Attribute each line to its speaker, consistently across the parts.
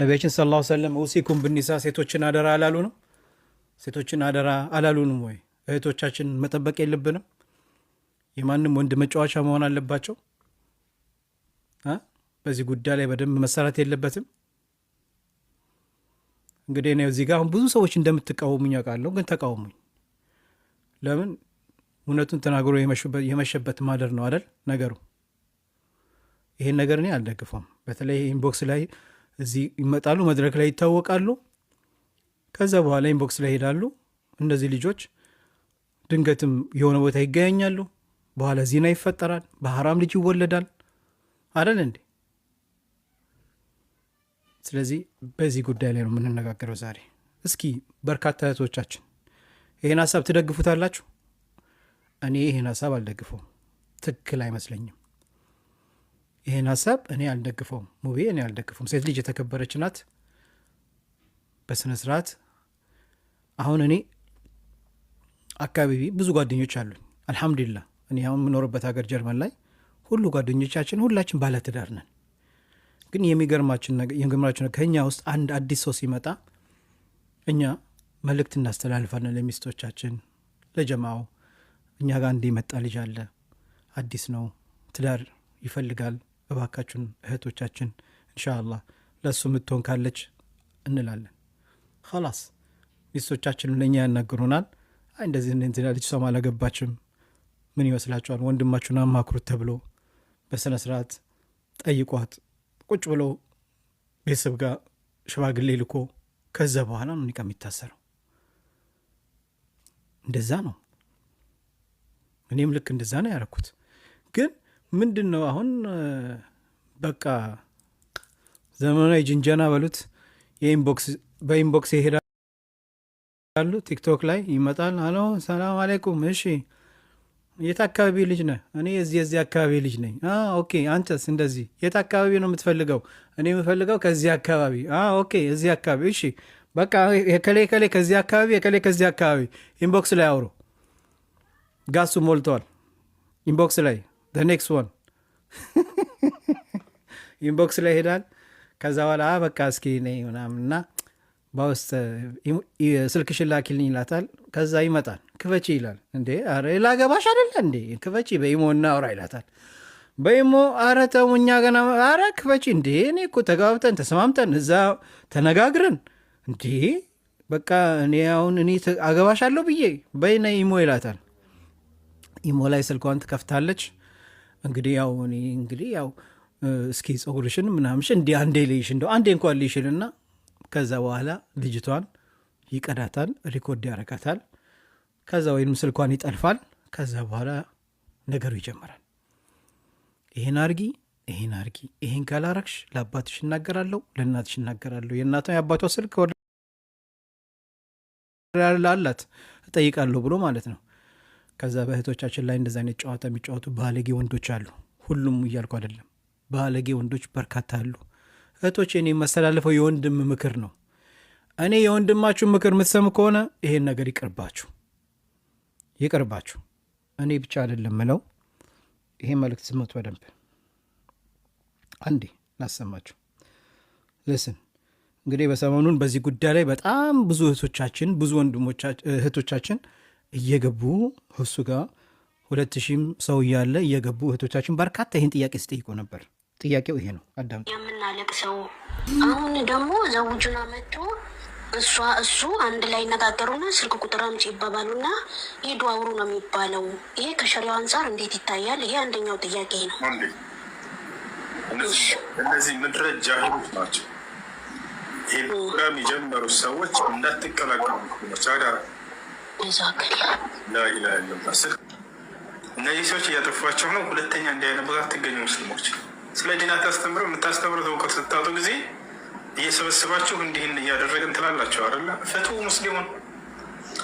Speaker 1: ነቢያችን ሰለላሁ ዐለይሂ ወሰለም ውሲኩም ብኒሳ ሴቶችን አደራ አላሉ ነው? ሴቶችን አደራ አላሉንም ወይ? እህቶቻችን መጠበቅ የለብንም? የማንም ወንድ መጫወቻ መሆን አለባቸው? በዚህ ጉዳይ ላይ በደንብ መሰራት የለበትም? እንግዲህ እኔ እዚህ ጋር አሁን ብዙ ሰዎች እንደምትቃወሙኝ አውቃለሁ፣ ግን ተቃወሙኝ። ለምን እውነቱን ተናግሮ የመሸበት ማደር ነው አይደል ነገሩ። ይሄን ነገር እኔ አልደግፈውም። በተለይ ኢንቦክስ ላይ እዚህ ይመጣሉ፣ መድረክ ላይ ይታወቃሉ። ከዛ በኋላ ኢንቦክስ ላይ ሄዳሉ። እነዚህ ልጆች ድንገትም የሆነ ቦታ ይገናኛሉ። በኋላ ዜና ይፈጠራል፣ በሀራም ልጅ ይወለዳል። አደል እንዴ? ስለዚህ በዚህ ጉዳይ ላይ ነው የምንነጋገረው ዛሬ። እስኪ በርካታ እህቶቻችን ይህን ሀሳብ ትደግፉታላችሁ? እኔ ይህን ሀሳብ አልደግፈውም፣ ትክክል አይመስለኝም። ይህን ሀሳብ እኔ አልደግፈውም። ሙቤ እኔ አልደግፈውም። ሴት ልጅ የተከበረች ናት። በስነ ስርዓት አሁን እኔ አካባቢ ብዙ ጓደኞች አሉኝ። አልሐምዱሊላ እኔ አሁን የምኖርበት ሀገር ጀርመን ላይ ሁሉ ጓደኞቻችን ሁላችን ባለትዳር ነን። ግን የሚገርማችን ነገር ከእኛ ውስጥ አንድ አዲስ ሰው ሲመጣ እኛ መልእክት እናስተላልፋለን ለሚስቶቻችን፣ ለጀማው እኛ ጋር እንዲመጣ ልጅ አለ አዲስ ነው ትዳር ይፈልጋል እባካችን እህቶቻችን እንሻአላህ ለእሱ የምትሆን ካለች እንላለን። ላስ ሚስቶቻችን ለእኛ ያናግሩናል። አይ እንደዚህ እንትና ልጅ ሰማ አላገባችም ምን ይመስላችኋል? ወንድማችሁን አማክሩት ተብሎ በስነ ስርዓት ጠይቋት ቁጭ ብሎ ቤተሰብ ጋር ሽባግሌ ልኮ ከዛ በኋላ ነው ኒቃ የሚታሰረው። እንደዛ ነው። እኔም ልክ እንደዛ ነው ያረኩት ግን ምንድን ነው አሁን በቃ ዘመናዊ ጅንጀና በሉት በኢንቦክስ ይሄዳሉ። ቲክቶክ ላይ ይመጣል። አሎ ሰላም አለይኩም። እሺ የት አካባቢ ልጅ ነህ? እኔ የዚህ የዚህ አካባቢ ልጅ ነኝ። ኦኬ አንተስ? እንደዚህ የት አካባቢ ነው የምትፈልገው? እኔ የምፈልገው ከዚህ አካባቢ። ኦኬ እዚህ አካባቢ። እሺ በቃ የከሌ ከሌ ከዚህ አካባቢ የከሌ ከዚህ አካባቢ ኢንቦክስ ላይ አውሩ። ጋሱ ሞልተዋል ኢንቦክስ ላይ ኔክስት ወን ኢንቦክስ ላይ ሄዳል። ከዛ በኋላ በቃ እስኪ ምናምንና በውስጥ ስልክሽን ላኪልኝ ይላታል። ከዛ ይመጣል። ክፈቺ ይላል። እንዴ አረ ላገባሽ አደለ እንዴ ክፈቺ፣ በኢሞ እናውራ ይላታል። በኢሞ ኧረ ተው እኛ ገና አረ ክፈቺ እንዴ እኔ እኮ ተጋብተን ተስማምተን እዛ ተነጋግረን እንዴ በቃ እኔ አሁን እኔ አገባሽ አገባሻለሁ ብዬ በይነ ኢሞ ይላታል። ኢሞ ላይ ስልኳን ትከፍታለች። እንግዲህ ያው እኔ እንግዲህ ያው እስኪ ጸጉርሽን ምናምሽ እንዲ አንዴ ልይሽ እንደው አንዴ እንኳን ልይሽልና ከዛ በኋላ ልጅቷን ይቀዳታል፣ ሪኮርድ ያረጋታል። ከዛ ወይም ስልኳን ይጠልፋል። ከዛ በኋላ ነገሩ ይጀምራል። ይሄን አርጊ፣ ይሄን አርጊ፣ ይሄን ካላረግሽ ለአባትሽ እናገራለሁ፣ ለእናትሽ እናገራለሁ። የእናቷ የአባቷ ስልክ ላላት እጠይቃለሁ ብሎ ማለት ነው። ከዛ በእህቶቻችን ላይ እንደዚ አይነት ጨዋታ የሚጫወቱ ባለጌ ወንዶች አሉ። ሁሉም እያልኩ አይደለም፣ ባለጌ ወንዶች በርካታ አሉ። እህቶች፣ እኔ የማስተላልፈው የወንድም ምክር ነው። እኔ የወንድማችሁ ምክር የምትሰሙ ከሆነ ይሄን ነገር ይቅርባችሁ፣ ይቅርባችሁ። እኔ ብቻ አይደለም ምለው፣ ይሄ መልእክት ስመት በደንብ አንዴ ላሰማችሁ። ልስን እንግዲህ በሰሞኑን በዚህ ጉዳይ ላይ በጣም ብዙ እህቶቻችን ብዙ ወንድሞቻችን እህቶቻችን እየገቡ እሱ ጋር ሁለት ሺህም ሰው እያለ እየገቡ እህቶቻችን በርካታ ይህን ጥያቄ ስጠይቆ ነበር። ጥያቄው ይሄ ነው። አዳም
Speaker 2: ሰው አሁን ደግሞ ዘውጁን መጥቶ እሷ እሱ አንድ ላይ ይነጋገሩና ስልክ ቁጥር አምጪ ይባባሉና ሂዱ አውሩ ነው የሚባለው። ይሄ ከሸሪያው አንጻር እንዴት ይታያል? ይሄ አንደኛው ጥያቄ ነው።
Speaker 3: እነዚህ ምድረ ጃሂሎች ናቸው። ይሄ ፕሮግራም የጀመሩት ሰዎች እንዳትቀላቀሉ ቻዳራ እነዚህ ሰዎች እያጠፏቸው ነው። ሁለተኛ እንዲህ አይነት ቦታ ትገኙ ሙስሊሞች ስለ ዲን አታስተምሩ። የምታስተምሩት እውቀት ስታጡ ጊዜ እየሰበስባችሁ እንዲህን እያደረግን ትላላቸው አለ ፍቱ ሙስሊሙን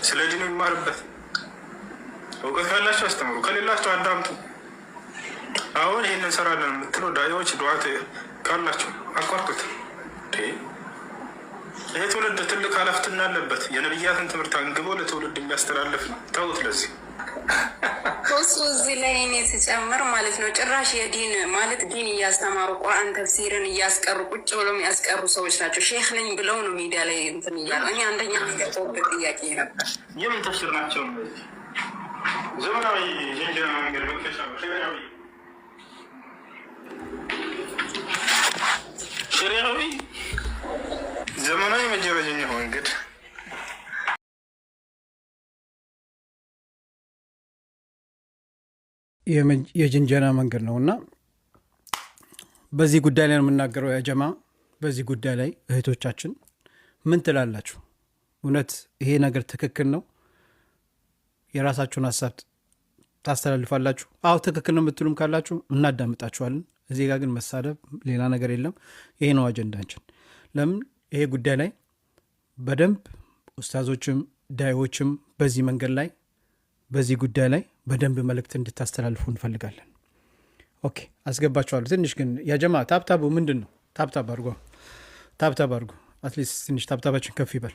Speaker 3: ስለ ዲኑ ይማርበት። እውቀት ካላቸው አስተምሩ፣ ከሌላቸው አዳምጡ። አሁን ይህን እንሰራለን የምትለው ዳዎች ድዋት ካላቸው አቋርጡት። ይህ ትውልድ ትልቅ ኃላፊነት አለበት። የነቢያትን ትምህርት አንግቦ ለትውልድ የሚያስተላልፍ ነው። ተውት። ለዚህ
Speaker 2: እሱ እዚህ ላይ እኔ ስጨምር ማለት ነው ጭራሽ የዲን ማለት ዲን እያስተማሩ ቁርአን ተፍሲርን እያስቀሩ ቁጭ ብሎ የሚያስቀሩ ሰዎች ናቸው። ሼክ ነኝ ብለው ነው ሚዲያ ላይ እንትን እያሉ እኔ አንደኛ ገጠውበት ጥያቄ ነበር።
Speaker 3: የምን ተፍሲር ናቸው? ዘመናዊ መንገድ
Speaker 1: የጅንጀና መንገድ ነው እና በዚህ ጉዳይ ላይ ነው የምናገረው። ያጀማ በዚህ ጉዳይ ላይ እህቶቻችን ምን ትላላችሁ? እውነት ይሄ ነገር ትክክል ነው? የራሳችሁን ሀሳብ ታስተላልፋላችሁ። አሁ ትክክል ነው የምትሉም ካላችሁ እናዳምጣችኋለን። እዚህ ጋር ግን መሳደብ፣ ሌላ ነገር የለም። ይሄ ነው አጀንዳችን። ለምን ይሄ ጉዳይ ላይ በደንብ ኡስታዞችም ዳይዎችም በዚህ መንገድ ላይ በዚህ ጉዳይ ላይ በደንብ መልእክት እንድታስተላልፉ እንፈልጋለን። ኦኬ አስገባችኋለሁ። ትንሽ ግን ያጀማ ታብታቡ ምንድን ነው? ታብታብ አድርጎ ታብታብ አድርጎ አትሊስት ትንሽ ታብታባችን ከፍ ይበል።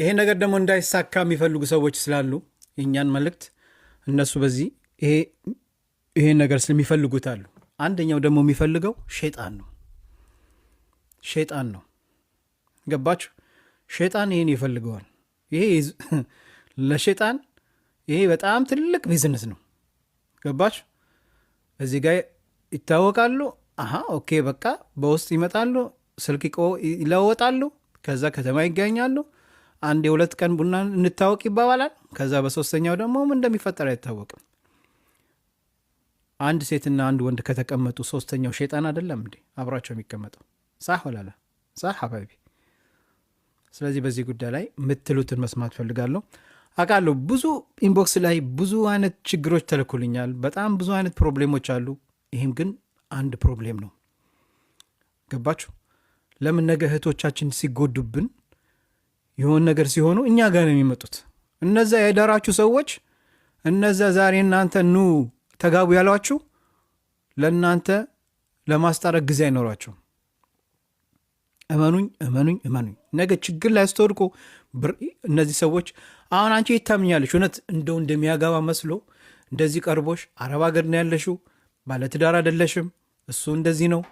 Speaker 1: ይሄ ነገር ደግሞ እንዳይሳካ የሚፈልጉ ሰዎች ስላሉ የእኛን መልእክት እነሱ በዚህ ይሄ ነገር ስለሚፈልጉት አሉ። አንደኛው ደግሞ የሚፈልገው ሼጣን ነው። ሼጣን ነው። ገባችሁ? ሸጣን ይህን ይፈልገዋል። ይሄ ለሸጣን ይሄ በጣም ትልቅ ቢዝነስ ነው። ገባች እዚህ ጋር ይታወቃሉ። አሀ ኦኬ፣ በቃ በውስጥ ይመጣሉ፣ ስልክ ይለወጣሉ፣ ከዛ ከተማ ይገኛሉ። አንድ የሁለት ቀን ቡና እንታወቅ ይባባላል። ከዛ በሶስተኛው ደግሞ ምን እንደሚፈጠር አይታወቅም። አንድ ሴትና አንድ ወንድ ከተቀመጡ ሶስተኛው ሸጣን አይደለም እንዴ አብሯቸው የሚቀመጠው? ሳህ ወላለ ሳህ አባቢ ስለዚህ በዚህ ጉዳይ ላይ የምትሉትን መስማት ፈልጋለሁ። አውቃለሁ። ብዙ ኢንቦክስ ላይ ብዙ አይነት ችግሮች ተልኩልኛል። በጣም ብዙ አይነት ፕሮብሌሞች አሉ። ይህም ግን አንድ ፕሮብሌም ነው። ገባችሁ? ለምን ነገ እህቶቻችን ሲጎዱብን የሆን ነገር ሲሆኑ እኛ ጋር ነው የሚመጡት። እነዛ የዳራችሁ ሰዎች እነዛ ዛሬ እናንተ ኑ ተጋቡ ያሏችሁ ለእናንተ ለማስጠረግ ጊዜ አይኖሯቸውም። እመኑኝ እመኑኝ እመኑኝ፣ ነገ ችግር ላይ ስትወድቁ እነዚህ ሰዎች አሁን አንቺ ይታምኛለች እውነት እንደው እንደሚያገባ መስሎ እንደዚህ ቀርቦሽ አረብ ሀገር ነው ያለሽው፣ ባለትዳር አይደለሽም፣ እሱ እንደዚህ ነው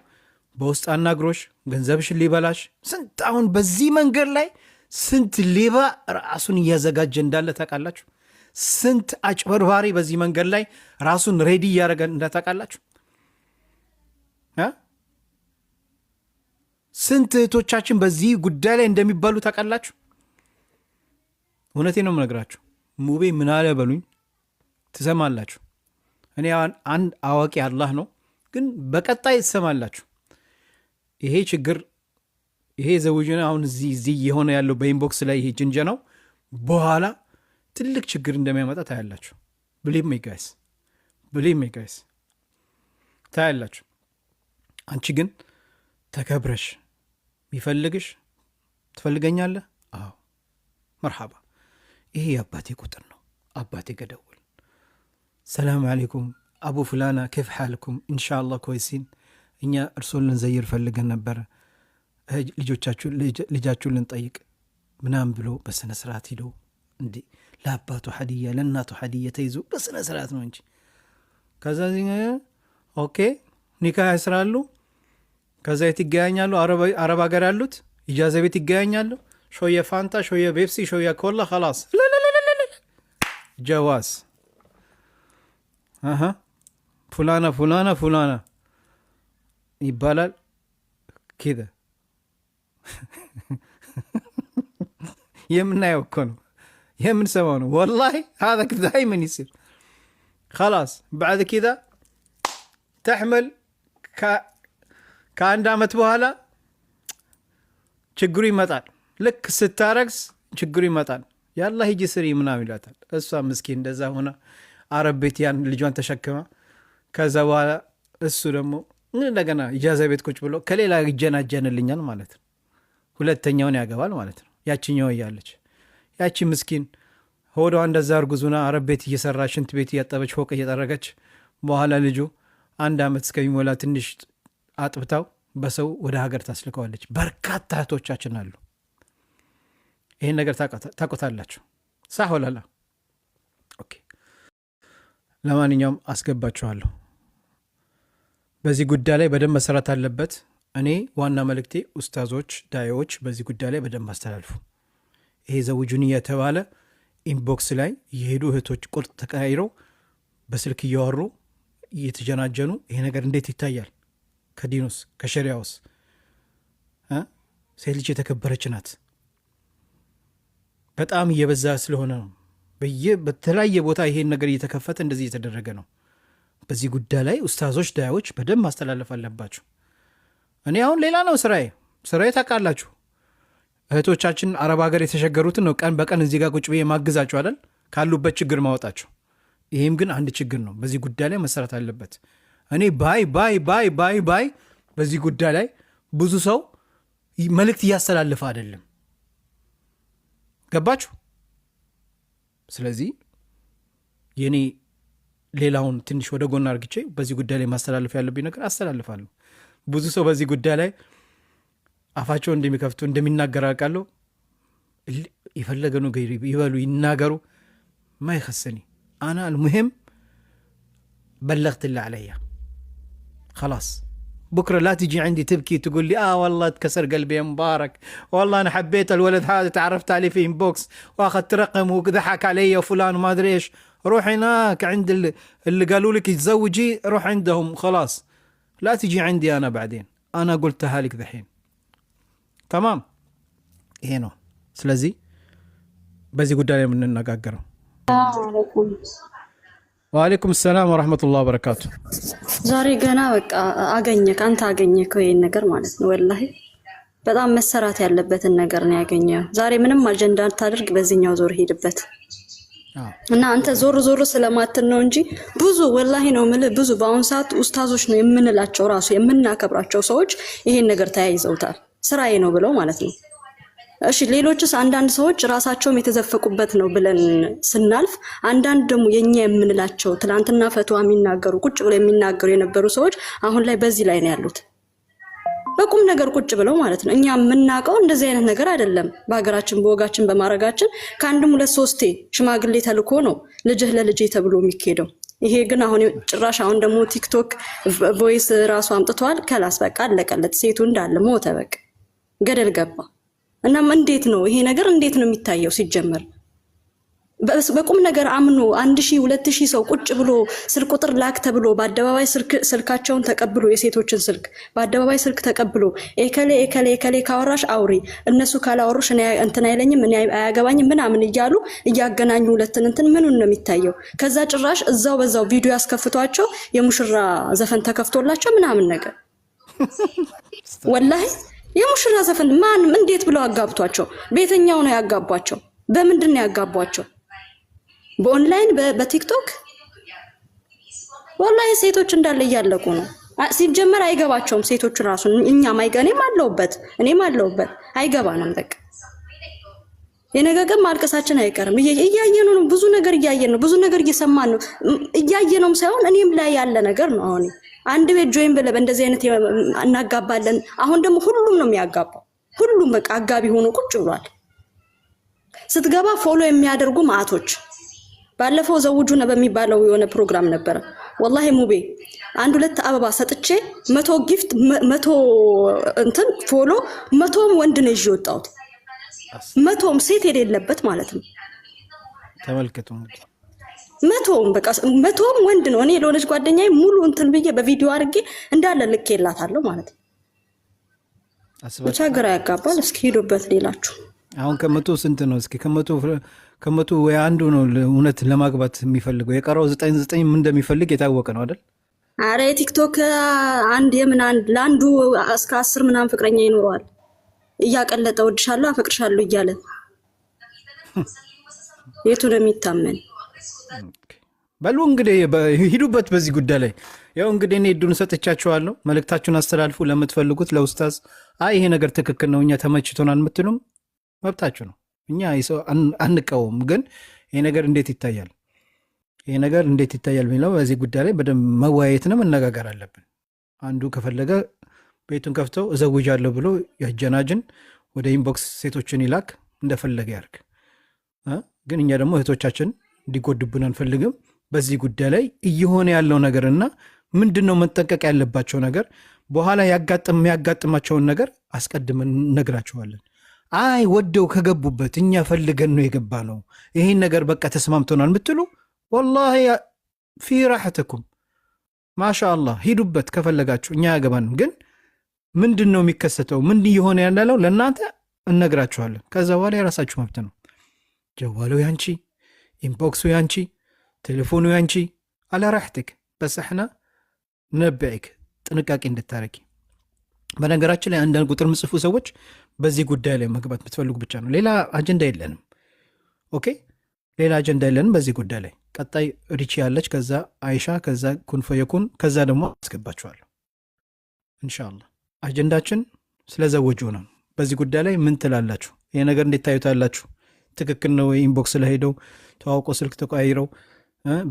Speaker 1: በውስጥ አናግሮሽ ገንዘብሽን ሊበላሽ ስንት አሁን በዚህ መንገድ ላይ ስንት ሌባ ራሱን እያዘጋጀ እንዳለ ታውቃላችሁ? ስንት አጭበርባሪ በዚህ መንገድ ላይ ራሱን ሬዲ እያደረገ እንዳታውቃላችሁ? ስንት እህቶቻችን በዚህ ጉዳይ ላይ እንደሚባሉ ታውቃላችሁ? እውነቴ ነው ምነግራችሁ ሙቤ ምን አለ በሉኝ ትሰማላችሁ። እኔ አንድ አዋቂ አላህ ነው፣ ግን በቀጣይ ትሰማላችሁ። ይሄ ችግር ይሄ ዘውጅን አሁን እዚህ እዚህ የሆነ ያለው በኢንቦክስ ላይ ይሄ ጅንጀ ነው። በኋላ ትልቅ ችግር እንደሚያመጣ ታያላችሁ። ብሊቭ ሚ ጋይስ፣ ብሊቭ ሚ ጋይስ ታያላችሁ። አንቺ ግን ተከብረሽ ቢፈልግሽ ትፈልገኛለህ? አዎ መርሓባ ይሄ የአባቴ ቁጥር ነው። አባቴ ገደውል ሰላም አሌይኩም አቡ ፍላና ኬፍ ሓልኩም ኢንሻአላህ ኮይሲን እኛ እርሶን ልንዘይር ፈልገን ነበረ ልጃችሁን ልንጠይቅ ምናምን ብሎ በስነ ስርዓት ሂዶ እንዲ ለአባቱ ሓድያ ለእናቱ ሀዲያ ተይዞ በስነ ስርዓት ነው እንጂ ከዛ ኦኬ ኒካ ያስራሉ። ከዛ የት ይገያኛሉ። አረብ ሀገር ያሉት ኢጃዘ ቤት ይገያኛሉ። شويه فانتا شويه بيبسي شويه كولا خلاص لا لا لا لا لا جواز اها فلانه فلانه فلانه يبلل كذا يمنا يكونوا يمن سوانو والله هذا دائما يصير خلاص بعد كذا تحمل كان دامت بهالا تشقري ይመጣል። ልክ ስታረግስ ችግሩ ይመጣል። ያላ ሂጂ ስሪ ምናም ይላታል። እሷ ምስኪን እንደዛ ሆና አረብ ቤት ያን ልጇን ተሸክማ ከዛ በኋላ እሱ ደግሞ እንደገና ኢጃዛ ቤት ቁጭ ብሎ ከሌላ ይጀናጀንልኛል ማለት ነው። ሁለተኛውን ያገባል ማለት ነው። ያችኛው እያለች ያቺ ምስኪን ሆዷ እንደዛ እርጉዙና አረብ ቤት እየሰራ ሽንት ቤት እያጠበች ፎቅ እየጠረገች በኋላ ልጁ አንድ ዓመት እስከሚሞላ ትንሽ አጥብታው በሰው ወደ ሀገር ታስልከዋለች። በርካታ እህቶቻችን አሉ። ይህን ነገር ታቆታላችሁ ሳ ሆላላ ለማንኛውም አስገባችኋለሁ። በዚህ ጉዳይ ላይ በደንብ መሰራት አለበት። እኔ ዋና መልእክቴ ኡስታዞች፣ ዳዎች በዚህ ጉዳይ ላይ በደንብ አስተላልፉ። ይሄ ዘውጁን የተባለ ኢንቦክስ ላይ የሄዱ እህቶች ቁርጥ ተቀያይረው በስልክ እያወሩ እየተጀናጀኑ ይሄ ነገር እንዴት ይታያል? ከዲኑስ ከሸሪያውስ ሴት ልጅ የተከበረች ናት። በጣም እየበዛ ስለሆነ ነው። በተለያየ ቦታ ይሄን ነገር እየተከፈተ እንደዚህ እየተደረገ ነው። በዚህ ጉዳይ ላይ ኡስታዞች፣ ዳያዎች በደንብ ማስተላለፍ አለባቸው። እኔ አሁን ሌላ ነው ስራዬ ስራዬ ታውቃላችሁ። እህቶቻችን አረብ ሀገር የተሸገሩትን ነው ቀን በቀን እዚህ ጋር ቁጭ ብዬ ማግዛቸው አይደል ካሉበት ችግር ማወጣቸው። ይህም ግን አንድ ችግር ነው። በዚህ ጉዳይ ላይ መሰራት አለበት። እኔ ባይ ባይ ባይ ባይ ባይ በዚህ ጉዳይ ላይ ብዙ ሰው መልእክት እያስተላለፈ አይደለም። ገባችሁ? ስለዚህ የኔ ሌላውን ትንሽ ወደ ጎና አርግቼ በዚህ ጉዳይ ላይ ማስተላለፍ ያለብኝ ነገር አስተላልፋለሁ። ብዙ ሰው በዚህ ጉዳይ ላይ አፋቸው እንደሚከፍቱ እንደሚናገር አውቃለሁ። የፈለገኑ ይበሉ ይናገሩ፣ ማይከስኒ አና አልሙሂም በለግትላ አለያ ከላስ بكره لا تجي عندي تبكي تقول لي اه والله اتكسر قلبي يا مبارك والله انا حبيت الولد هذا تعرفت عليه في انبوكس واخذت رقم وضحك علي وفلان وما ادري ايش روح هناك عند اللي, قالوا لك تزوجي روح عندهم خلاص لا تجي عندي انا بعدين انا قلتها لك ذحين تمام ይሄ ነው ስለዚህ በዚህ ጉዳይ ላይ የምንነጋገረው ዋሌይኩም ሰላም ወረህመቱላህ ወበረካቱ።
Speaker 2: ዛሬ ገና በቃ አገኘ አንተ አገኘ ይህን ነገር ማለት ነው። ወላሂ በጣም መሰራት ያለበትን ነገር ነው ያገኘው። ዛሬ ምንም አጀንዳ ታደርግ በዚህኛው ዞር ሄድበት እና አንተ ዞር ዞር ስለማትን ነው እንጂ ብዙ ወላሂ ነው የምልህ። ብዙ በአሁኑ ሰዓት ኡስታዞች ነው የምንላቸው ራሱ የምናከብራቸው ሰዎች ይሄን ነገር ተያይዘውታል። ስራዬ ነው ብለው ማለት ነው እሺ ሌሎችስ አንዳንድ ሰዎች ራሳቸውም የተዘፈቁበት ነው ብለን ስናልፍ፣ አንዳንድ ደግሞ የኛ የምንላቸው ትናንትና ፈትዋ የሚናገሩ ቁጭ ብለው የሚናገሩ የነበሩ ሰዎች አሁን ላይ በዚህ ላይ ነው ያሉት። በቁም ነገር ቁጭ ብለው ማለት ነው። እኛ የምናውቀው እንደዚህ አይነት ነገር አይደለም። በሀገራችን በወጋችን በማድረጋችን ከአንድም ሁለት ሶስቴ ሽማግሌ ተልኮ ነው ልጅህ ለልጄ ተብሎ የሚካሄደው። ይሄ ግን አሁን ጭራሽ አሁን ደግሞ ቲክቶክ ቮይስ ራሱ አምጥተዋል። ከላስ በቃ አለቀለት። ሴቱ እንዳለ ሞተ፣ በቃ ገደል ገባ። እናም እንዴት ነው ይሄ ነገር እንዴት ነው የሚታየው ሲጀመር በቁም ነገር አምኖ አንድ ሺህ ሁለት ሺህ ሰው ቁጭ ብሎ ስልክ ቁጥር ላክ ተብሎ በአደባባይ ስልካቸውን ተቀብሎ የሴቶችን ስልክ በአደባባይ ስልክ ተቀብሎ ኤከሌ ኤከሌ ኤከሌ ካወራሽ አውሪ እነሱ ካላወሩሽ እንትን አይለኝም እኔ አያገባኝም ምናምን እያሉ እያገናኙ ሁለትን እንትን ምኑን ነው የሚታየው? ከዛ ጭራሽ እዛው በዛው ቪዲዮ ያስከፍቷቸው የሙሽራ ዘፈን ተከፍቶላቸው ምናምን ነገር ወላሂ የሙሽራ ዘፈን ማንም እንዴት ብለው አጋብቷቸው ቤተኛው ነው ያጋቧቸው። በምንድን ነው ያጋቧቸው? በኦንላይን በቲክቶክ ወላሂ ሴቶች እንዳለ እያለቁ ነው። ሲጀመር አይገባቸውም። ሴቶች ራሱ እኛም አይገ እኔም አለሁበት እኔም አይገባ ነው በቃ የነገ ግን ማልቀሳችን አይቀርም። እያየን ነው፣ ብዙ ነገር እያየን ነው፣ ብዙ ነገር እየሰማን ነው። እያየነውም ሳይሆን እኔም ላይ ያለ ነገር ነው አሁን አንድ ቤት ጆይን ብለህ እንደዚህ አይነት እናጋባለን። አሁን ደግሞ ሁሉም ነው የሚያጋባው። ሁሉም በቃ አጋቢ ሆኖ ቁጭ ብሏል። ስትገባ ፎሎ የሚያደርጉ ማቶች ባለፈው ነ በሚባለው የሆነ ፕሮግራም ነበረ። ወላሂ ሙቤ አንድ ሁለት አበባ ሰጥቼ መቶ ጊፍት መቶ እንትን ፎሎ መቶም ወንድ ነው ይዤ ወጣሁት። መቶም ሴት የሌለበት ማለት ነው። ተመልከቱ። መቶም በቃ መቶም ወንድ ነው። እኔ ለሆነች ጓደኛዬ ሙሉ እንትን ብዬ በቪዲዮ አድርጌ እንዳለ ልክ የላታለሁ ማለት ነው። ብቻ ግራ ያጋባል። እስኪ ሄዱበት ሌላችሁ።
Speaker 1: አሁን ከመቶ ስንት ነው? እስኪ ከመቶ ወይ አንዱ ነው እውነት ለማግባት የሚፈልገው የቀረው ዘጠኝ ዘጠኝ ምን እንደሚፈልግ የታወቀ ነው አይደል?
Speaker 2: አረ የቲክቶክ አንድ የምን አንድ ለአንዱ እስከ አስር ምናምን ፍቅረኛ ይኖረዋል። እያቀለጠ ወድሻለሁ፣ አፈቅርሻለሁ እያለ የቱ ነው የሚታመን?
Speaker 1: በሉ እንግዲህ ሂዱበት በዚህ ጉዳይ ላይ ያው እንግዲህ እኔ እድሉን ሰጥቻችኋለሁ። መልእክታችሁን አስተላልፉ ለምትፈልጉት ለውስታዝ። አይ ይሄ ነገር ትክክል ነው እኛ ተመችቶናል የምትሉም መብታችሁ ነው። እኛ ሰው አንቃወም። ግን ይሄ ነገር እንዴት ይታያል፣ ይሄ ነገር እንዴት ይታያል የሚለው በዚህ ጉዳይ ላይ በደንብ መወያየትንም መነጋገር አለብን። አንዱ ከፈለገ ቤቱን ከፍተው እዘውጃለሁ ብሎ ያጀናጅን ወደ ኢንቦክስ ሴቶችን ይላክ እንደፈለገ ያርግ። ግን እኛ ደግሞ እህቶቻችን እንዲጎዱብን አንፈልግም። በዚህ ጉዳይ ላይ እየሆነ ያለው ነገርና ምንድን ነው መጠንቀቅ ያለባቸው ነገር በኋላ የሚያጋጥማቸውን ነገር አስቀድመን እነግራቸዋለን። አይ ወደው ከገቡበት እኛ ፈልገን ነው የገባ ነው ይህን ነገር በቃ ተስማምተናል የምትሉ ወላሂ ፊ ራሕትኩም ማሻ ሂዱበት፣ ከፈለጋችሁ እኛ ያገባንም። ግን ምንድን ነው የሚከሰተው ምን እየሆነ ያለው ለእናንተ እነግራችኋለን። ከዛ በኋላ የራሳችሁ መብት ነው። ጀዋለው ያንቺ إنبوكسو ያንቺ ቴሌፎኑ ያንቺ አላራሕትክ በሳሕና ነብዕክ ጥንቃቄ እንድታረጊ። በነገራችን ላይ አንዳንድ ቁጥር ምጽፉ ሰዎች በዚህ ጉዳይ ላይ መግባት የምትፈልጉ ብቻ ነው። ሌላ አጀንዳ የለንም። ኦኬ፣ ሌላ አጀንዳ የለንም በዚህ ጉዳይ ላይ። ቀጣይ ሪቺ ያለች፣ ከዛ አይሻ፣ ከዛ ኩንፈየኩን ከዛ ደግሞ አስገባችኋለሁ እንሻላ። አጀንዳችን ስለ ዘወጁ ነው። በዚህ ጉዳይ ላይ ምን ትላላችሁ? ይሄ ነገር እንዴት ታዩታላችሁ? ትክክል ነው ወይ ኢንቦክስ ለሄደው ተዋውቆ ስልክ ተቀያይረው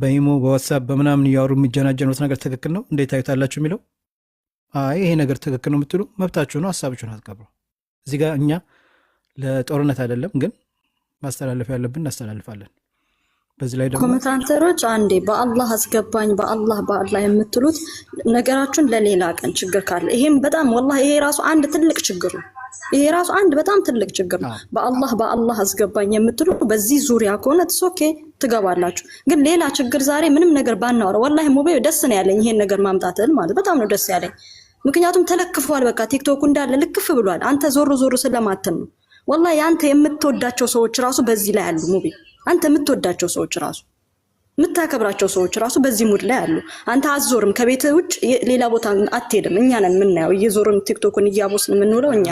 Speaker 1: በኢሞ በዋትሳፕ በምናምን እያወሩ የሚጀናጀኑት ነገር ትክክል ነው እንዴት ታዩታላችሁ የሚለው ይሄ ነገር ትክክል ነው የምትሉ መብታችሁ ነው፣ ሀሳባችሁን አትቀብሩ። እዚህ ጋር እኛ ለጦርነት አይደለም፣ ግን ማስተላለፍ ያለብን እናስተላልፋለን።
Speaker 2: በዚህ ላይ ደግሞ ኮመንታተሮች አንዴ በአላህ አስገባኝ በአላህ በአላህ የምትሉት ነገራችሁን ለሌላ ቀን ችግር ካለ ይሄም በጣም ወላሂ ይሄ ራሱ አንድ ትልቅ ችግር ነው። ይሄ ራሱ አንድ በጣም ትልቅ ችግር ነው። በአላህ በአላህ አስገባኝ የምትሉ በዚህ ዙሪያ ከሆነ ትሶኬ ትገባላችሁ። ግን ሌላ ችግር ዛሬ ምንም ነገር ባናወረ ወላሂ ሙቤ ደስ ነው ያለኝ ይሄን ነገር ማምጣትል ማለት በጣም ነው ደስ ያለኝ። ምክንያቱም ተለክፏል። በቃ ቲክቶክ እንዳለ ልክፍ ብሏል። አንተ ዞር ዞር ስለማትን ነው። ወላሂ አንተ የምትወዳቸው ሰዎች ራሱ በዚህ ላይ አሉ። ሙቤ አንተ የምትወዳቸው ሰዎች ራሱ የምታከብራቸው ሰዎች ራሱ በዚህ ሙድ ላይ አሉ። አንተ አትዞርም፣ ከቤት ውጭ ሌላ ቦታ አትሄድም። እኛ ነን የምናየው፣ እየዞርን ቲክቶክን እያቦስን የምንውለው እኛ